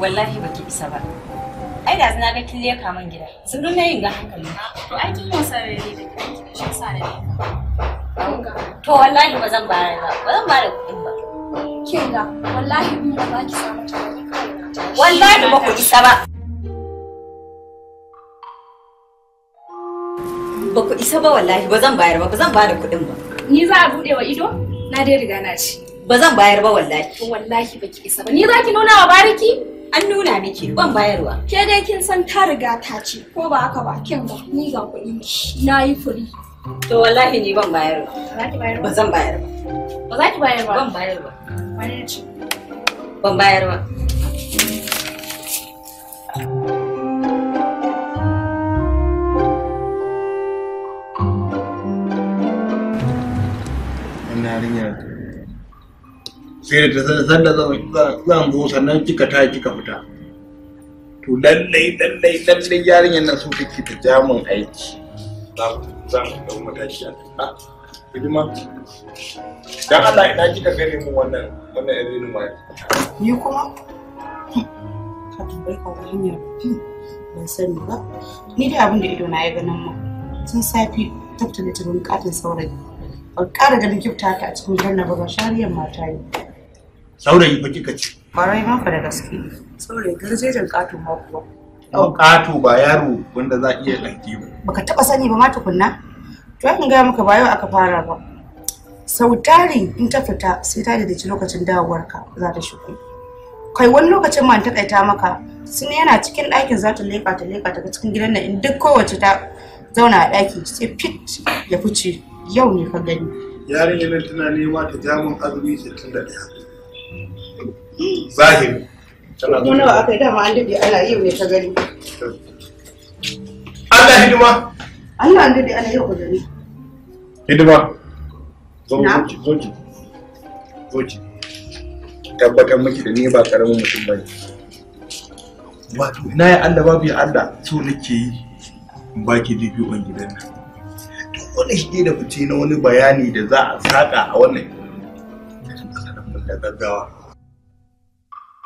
wallahi baki isa ba ai da zina ga kille ka man gida sun na yin ga hankali to ai kin yi sarari da gidanki shi sa da to wallahi ba zan bayar ba ba zan bayar kuɗin ba kin ga wallahi mun ba ki samu wallahi ba ku isa ba ba ku isa ba wallahi ba zan bayar ba ba zan bada kuɗin ba ni za a bude wa ido na dai riga na ci ba zan bayar ba wallahi wallahi ki isa ba ni za ki nuna wa bariki an nuna miki ban bayarwa. Ke dai kin san ta riga ta ce ko ba haka ba kin ba ni ga kuɗin na yi furi. To wallahi ni ban bayarwa. Ba za ki bayarwa? Ba zan bayarwa. Ba za ki bayarwa? Ban bayarwa. Wani ce? Ban bayarwa. Ina rinyar sai da ta san da zan zo sannan kika ta kika fita to lallai lallai lallai yarinyar nan su kike ta jamun aiki za mu dau mataki a kan hidima dan Allah ina kika gani mu wannan wannan irin ma ni kuma ka tambayi ka hanyar ban sani ba ni da abin da ido na ya ganin mu tun safi tattala ta katin saurayi ban ƙara ganin kifta ta a cikin janna ba ba shariyar mata yi. saurayi fa kika ci. kwarai ma fa da gaske saurayi garjejin kato ma kuwa yau kato ba yaro wanda za iya ɗanke ba baka taɓa sani ba ma tukunna to in gaya maka ba yau aka fara ba sau tari in ta fita sai ta da lokacin dawowarka za ta shigo kai wani lokacin ma ta kaita maka sun yana cikin ɗakin za ta leƙa ta leƙa daga cikin gidan nan in duk kowace ta zauna a ɗaki sai fit ya fice yau ne ka gani yarinyar tana nema ta jamun azumi 61 zahiri ko nawa aka yi dama an daɗe ana yau ne ta gani Allah hidima Allah an ana yau gani hidima tabbatar miki da ni ba karamin mutum bane wato ina ya Allah babu ya Allah so nake yi in baki on gidan nan duk wani shige da fice na wani bayani da za a saka a wannan da gaggawa